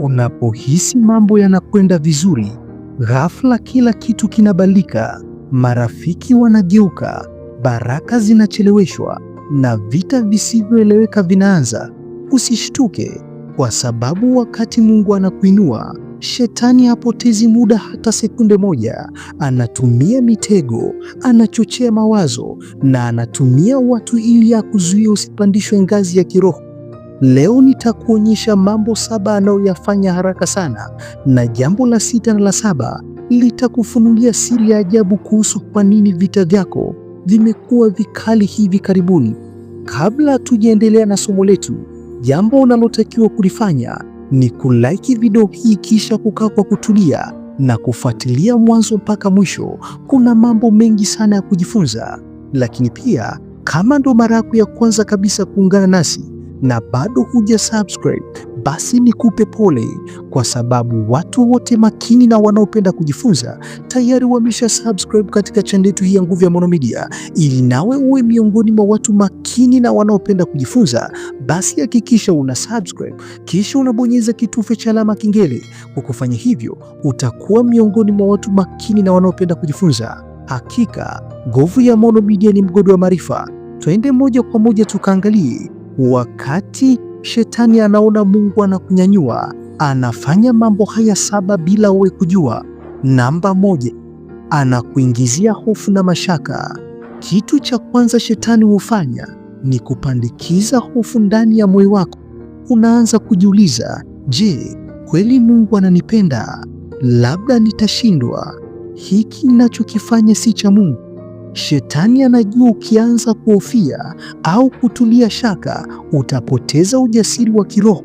Unapohisi mambo yanakwenda vizuri, ghafla kila kitu kinabadilika. Marafiki wanageuka, baraka zinacheleweshwa na vita visivyoeleweka vinaanza. Usishtuke, kwa sababu wakati Mungu anakuinua, shetani hapotezi muda hata sekunde moja. Anatumia mitego, anachochea mawazo na anatumia watu ili akuzuia usipandishwe ngazi ya kiroho. Leo nitakuonyesha mambo saba anayoyafanya haraka sana, na jambo la sita na la saba litakufunulia siri ya ajabu kuhusu kwa nini vita vyako vimekuwa vikali hivi karibuni. Kabla tujaendelea na somo letu, jambo unalotakiwa kulifanya ni kulike video hii kisha kukaa kwa kutulia na kufuatilia mwanzo mpaka mwisho. Kuna mambo mengi sana ya kujifunza, lakini pia kama ndo mara yako ya kwanza kabisa kuungana nasi na bado huja subscribe, basi nikupe pole, kwa sababu watu wote makini na wanaopenda kujifunza tayari wamesha subscribe katika chandetu yetu hii ya Nguvu ya Maono Media. Ili nawe uwe miongoni mwa watu makini na wanaopenda kujifunza, basi hakikisha una subscribe kisha unabonyeza kitufe cha alama kengele. Kwa kufanya hivyo, utakuwa miongoni mwa watu makini na wanaopenda kujifunza. Hakika Nguvu ya Maono Media ni mgodi wa maarifa. Twende moja kwa moja tukaangalie Wakati shetani anaona Mungu anakunyanyua, anafanya mambo haya saba bila wewe kujua. Namba moja, anakuingizia hofu na mashaka. Kitu cha kwanza shetani hufanya ni kupandikiza hofu ndani ya moyo wako. Unaanza kujiuliza, je, kweli Mungu ananipenda? Labda nitashindwa, hiki ninachokifanya si cha Mungu. Shetani anajua ukianza kuhofia au kutulia shaka utapoteza ujasiri wa kiroho,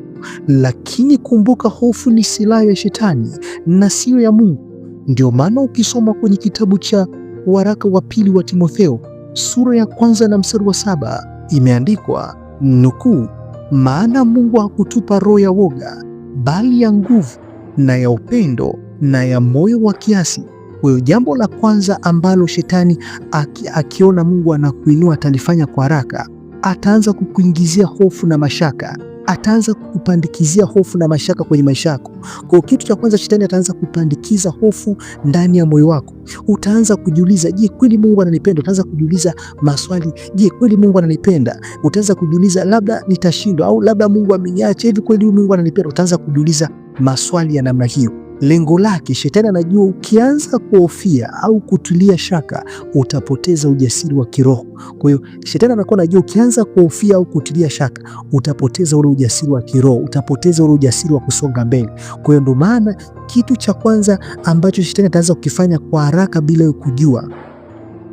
lakini kumbuka, hofu ni silaha ya shetani na siyo ya Mungu. Ndio maana ukisoma kwenye kitabu cha waraka wa pili wa Timotheo sura ya kwanza na mstari wa saba imeandikwa nukuu, maana Mungu hakutupa roho ya woga, bali ya nguvu na ya upendo na ya moyo wa kiasi. Kwa hiyo jambo la kwanza ambalo shetani aki, akiona Mungu anakuinua atalifanya kwa haraka, ataanza kukuingizia hofu na mashaka ataanza kupandikizia hofu na mashaka kwenye maisha yako. Kwa kitu cha kwanza shetani ataanza kupandikiza hofu ndani ya moyo wako. Utaanza kujiuliza, je, kweli Mungu ananipenda? Utaanza kujiuliza maswali, je, kweli Mungu ananipenda? Utaanza kujiuliza labda nitashindwa, au labda Mungu ameniacha hivi, kweli Mungu ananipenda? Utaanza kujiuliza maswali ya namna hiyo lengo lake. Shetani anajua ukianza kuhofia au kutulia shaka utapoteza ujasiri wa kiroho. Kwa hiyo shetani anakuwa anajua ukianza kuhofia au kutulia shaka utapoteza ule ujasiri wa kiroho, utapoteza ule ujasiri wa kusonga mbele. Kwa hiyo ndio maana kitu cha kwanza ambacho shetani ataanza kukifanya kwa haraka bila kujua,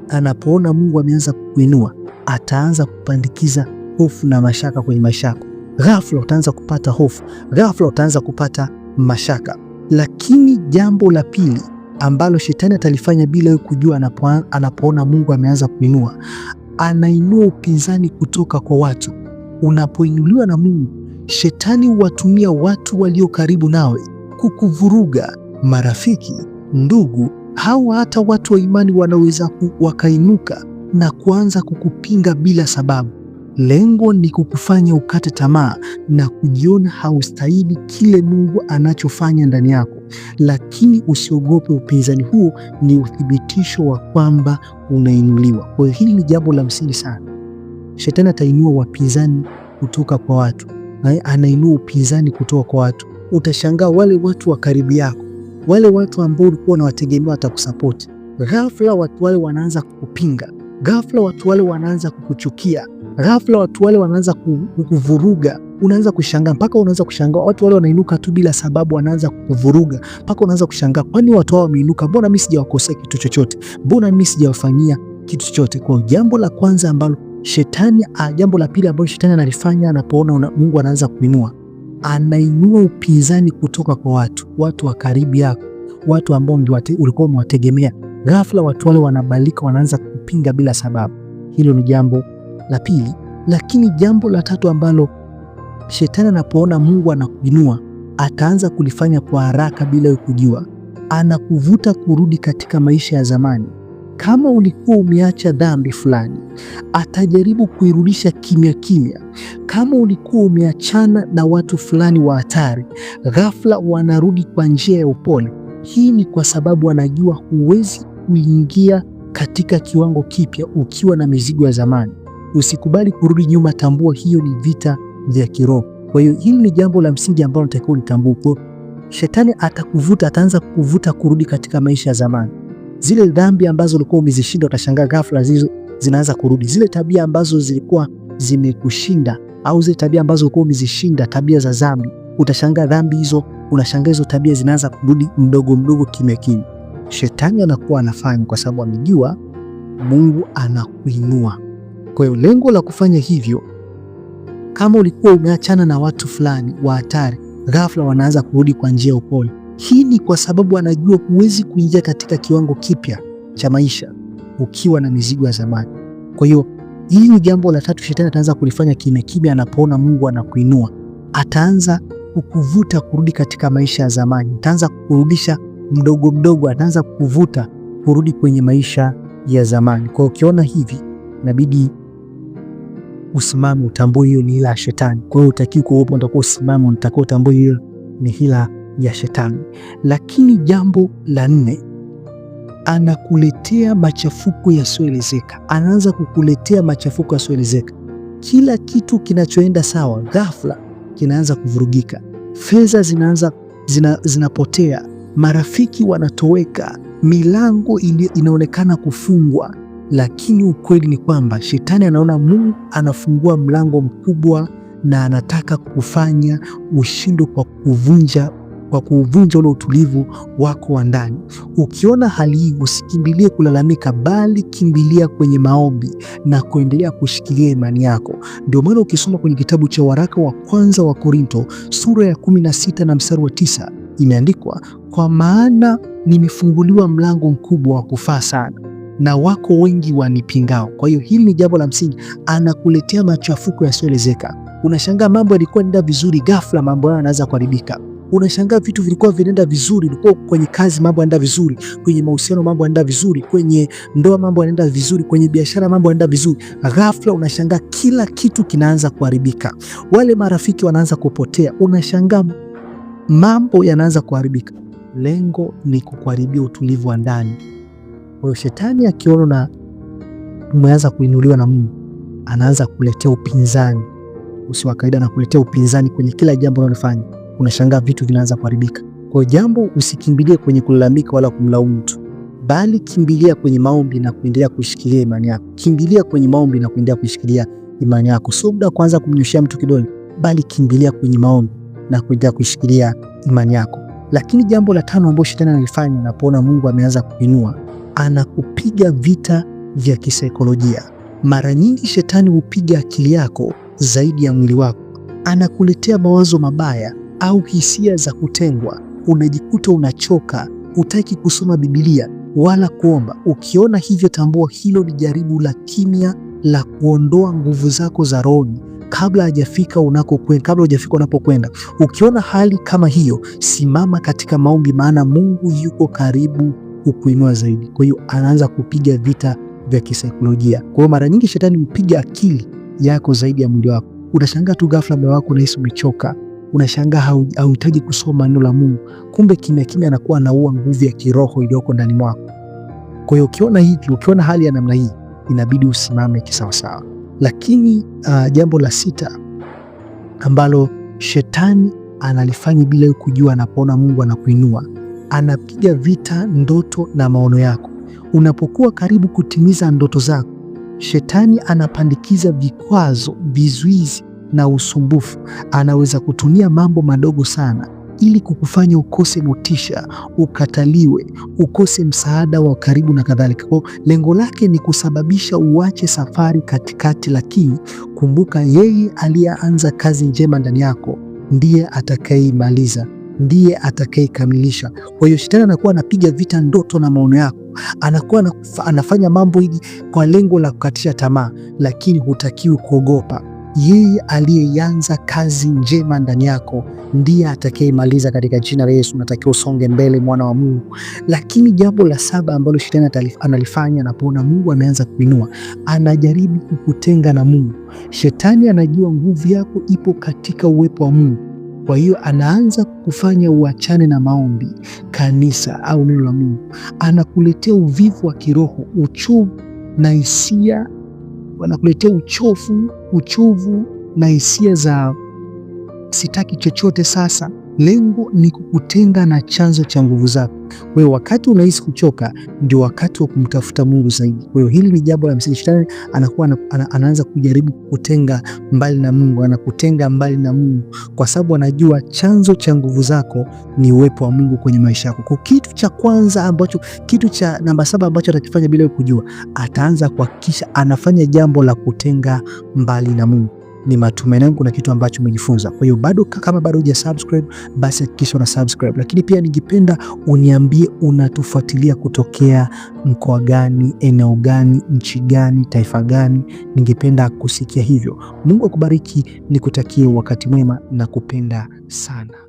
anapoona Mungu ameanza kukuinua, ataanza kupandikiza hofu na mashaka kwenye maisha yako. Ghafla utaanza kupata hofu, ghafla utaanza kupata mashaka. Lakini jambo la pili ambalo shetani atalifanya bila wewe kujua, anapo, anapoona Mungu ameanza kuinua, anainua upinzani kutoka kwa watu. Unapoinuliwa na Mungu, shetani huwatumia watu walio karibu nawe kukuvuruga, marafiki, ndugu au hata watu wa imani wanaweza wakainuka na kuanza kukupinga bila sababu. Lengo ni kukufanya ukate tamaa na kujiona haustahili kile Mungu anachofanya ndani yako, lakini usiogope upinzani huo, ni uthibitisho wa kwamba unainuliwa. Kwa hiyo hili ni jambo la msingi sana. Shetani atainua wapinzani kutoka kwa watu, na anainua upinzani kutoka kwa watu. Utashangaa wale watu wa karibu yako, wale watu ambao ulikuwa unawategemea watakusapoti, ghafla watu wale wanaanza kukupinga, ghafla watu wale wanaanza kukuchukia ghafla watu wale wanaanza kuvuruga unaanza kushangaa mpaka unaanza kushangaa watu wale wanainuka tu bila sababu, wanaanza kuvuruga mpaka unaanza kushangaa, kwani watu hao wameinuka, mbona mimi sijawakosea kitu chochote? Mbona mimi sijawafanyia kitu chochote? Kwa jambo la kwanza ambalo shetani, a, ah, jambo la pili ambalo shetani analifanya anapoona una, Mungu anaanza kuinua, anainua upinzani kutoka kwa watu, watu wa karibu yako, watu ambao ulikuwa umewategemea. Ghafla watu wale wanabalika, wanaanza kupinga bila sababu. Hilo ni jambo la pili. Lakini jambo la tatu ambalo shetani anapoona Mungu anakuinua ataanza kulifanya kwa haraka bila kujua, anakuvuta kurudi katika maisha ya zamani. Kama ulikuwa umeacha dhambi fulani, atajaribu kuirudisha kimya kimya. Kama ulikuwa umeachana na watu fulani wa hatari, ghafla wanarudi kwa njia ya upole. Hii ni kwa sababu anajua huwezi kuingia katika kiwango kipya ukiwa na mizigo ya zamani. Usikubali kurudi nyuma, tambua hiyo ni vita vya kiroho. Kwa hiyo hili ni jambo la msingi ambalo unatakiwa litambue. Shetani atakuvuta, ataanza kukuvuta kurudi katika maisha ya zamani. Zile dhambi ambazo ulikuwa umezishinda, utashangaa ghafla zizo zinaanza kurudi. Zile tabia ambazo zilikuwa zimekushinda au zile tabia ambazo ulikuwa umezishinda, tabia za dhambi, utashangaa dhambi hizo, unashangaa hizo tabia zinaanza kurudi mdogo mdogo, kimya kimya. Shetani anakuwa anafanya kwa sababu amejua Mungu anakuinua. Kwa hiyo lengo la kufanya hivyo, kama ulikuwa umeachana na watu fulani wa hatari, ghafla wanaanza kurudi kwa njia ya upole. Hii ni kwa sababu anajua huwezi kuingia katika kiwango kipya cha maisha ukiwa na mizigo ya zamani. Kwa hiyo hii ni jambo la tatu, shetani ataanza kulifanya kimya kimya. Anapoona Mungu anakuinua, ataanza kukuvuta kurudi katika maisha ya zamani, ataanza kukurudisha mdogo mdogo, ataanza kukuvuta kurudi kwenye maisha ya zamani. Kwa hiyo ukiona hivi, inabidi usimame utambue hiyo ni hila ya shetani. Kwa hiyo utakiwa kuogopa, utakuwa usimame, unatakiwa utambue hiyo ni hila ya shetani. Lakini jambo la nne, anakuletea machafuko yasiyoelezeka, anaanza kukuletea machafuko yasiyoelezeka. Kila kitu kinachoenda sawa, ghafla kinaanza kuvurugika, fedha zinaanza zina, zinapotea, marafiki wanatoweka, milango inaonekana kufungwa lakini ukweli ni kwamba shetani anaona Mungu anafungua mlango mkubwa na anataka kufanya ushindo kwa kuvunja kwa kuuvunja ule utulivu wako wa ndani. Ukiona hali hii, usikimbilie kulalamika, bali kimbilia kwenye maombi na kuendelea kushikilia imani yako. Ndio maana ukisoma kwenye kitabu cha waraka wa kwanza wa Korinto sura ya 16 na mstari wa tisa imeandikwa, kwa maana nimefunguliwa mlango mkubwa wa kufaa sana na wako wengi wanipingao. Kwa hiyo hili ni jambo la msingi, anakuletea machafuko yasiyoelezeka. Unashangaa mambo yalikuwa yanaenda vizuri, ghafla mambo hayo yanaanza kuharibika. Unashangaa vitu vilikuwa vinaenda vizuri, ulikuwa kwenye kazi mambo yanaenda vizuri, kwenye mahusiano mambo yanaenda vizuri, kwenye ndoa mambo yanaenda vizuri, kwenye biashara mambo yanaenda vizuri. Ghafla unashangaa kila kitu kinaanza kuharibika, wale marafiki wanaanza kupotea, unashangaa mambo yanaanza kuharibika. Lengo ni kukuharibia utulivu wa ndani. Kwa hiyo shetani akiona na umeanza kuinuliwa na Mungu, anaanza kuletea upinzani usio wa kawaida na kuletea upinzani kwenye kila jambo unalofanya. Unashangaa vitu vinaanza kuharibika. Kwa jambo, usikimbilie kwenye kulalamika wala kumlaumu mtu, bali kimbilia kwenye maombi na kuendelea kushikilia imani yako. Kimbilia kwenye maombi na kuendelea kushikilia imani yako, sio muda kwanza kumnyoshia mtu kidole, bali kimbilia kwenye maombi na kuendelea kushikilia imani yako. Lakini jambo la tano ambalo shetani analifanya anapoona Mungu ameanza kuinua anakupiga vita vya kisaikolojia. Mara nyingi shetani hupiga akili yako zaidi ya mwili wako, anakuletea mawazo mabaya au hisia za kutengwa. Unajikuta unachoka, hutaki kusoma Biblia wala kuomba. Ukiona hivyo, tambua hilo ni jaribu la kimya la kuondoa nguvu zako za roho kabla hajafika unakokwenda, kabla hajafika unapokwenda. Ukiona hali kama hiyo, simama katika maombi, maana Mungu yuko karibu hukuinua zaidi. Kwa hiyo anaanza kupiga vita vya kisaikolojia. Kwa hiyo mara nyingi shetani hupiga akili yako zaidi ya mwili wako. Unashangaa tu ghafla moyo wako unahisi umechoka, unashangaa hauhitaji kusoma neno la Mungu, kumbe kimya kimya anakuwa anaua nguvu ya kiroho iliyoko ndani mwako. Kwa hiyo ukiona hivi, ukiona hali ya namna hii, inabidi usimame kisawasawa. Lakini uh, jambo la sita ambalo shetani analifanya bila kujua, anapoona Mungu anakuinua anapiga vita ndoto na maono yako. Unapokuwa karibu kutimiza ndoto zako, shetani anapandikiza vikwazo, vizuizi na usumbufu. Anaweza kutumia mambo madogo sana ili kukufanya ukose motisha, ukataliwe, ukose msaada wa karibu na kadhalika. Kwa lengo lake ni kusababisha uache safari katikati, lakini kumbuka, yeye aliyeanza kazi njema ndani yako ndiye atakayeimaliza ndiye atakayekamilisha. Kwa hiyo shetani anakuwa anapiga vita ndoto na maono yako, anakuwa anafanya mambo hili kwa lengo la kukatisha tamaa, lakini hutakiwi kuogopa. Yeye aliyeanza kazi njema ndani yako ndiye atakayemaliza katika jina la Yesu. Unatakiwa usonge mbele, mwana wa Mungu. Lakini jambo la saba ambalo shetani analifanya anapoona Mungu ameanza kuinua, anajaribu kukutenga na Mungu. Shetani anajua nguvu yako ipo katika uwepo wa Mungu. Kwa hiyo anaanza kufanya uachane na maombi, kanisa au neno la Mungu, anakuletea uvivu wa kiroho, uchovu na hisia, anakuletea uchovu, uchovu na hisia za sitaki chochote sasa Lengo ni kukutenga na chanzo cha nguvu zako. Kwa hiyo wakati unahisi kuchoka, ndio wakati wa kumtafuta Mungu zaidi. Kwa hiyo hili ni jambo la msingi. Shetani anakuwa ana, anaanza kujaribu kukutenga mbali na Mungu, anakutenga mbali na Mungu kwa sababu anajua chanzo cha nguvu zako ni uwepo wa Mungu kwenye maisha yako. Kwa kitu cha kwanza ambacho, kitu cha namba saba ambacho atakifanya bila kujua, ataanza kuhakikisha anafanya jambo la kutenga mbali na Mungu ni matumaini yangu kuna kitu ambacho umejifunza. Kwa hiyo bado, kama bado huja subscribe, basi hakikisha una subscribe, lakini pia ningependa uniambie unatufuatilia kutokea mkoa gani, eneo gani, nchi gani, taifa gani? Ningependa kusikia hivyo. Mungu akubariki, nikutakie wakati mwema na kupenda sana.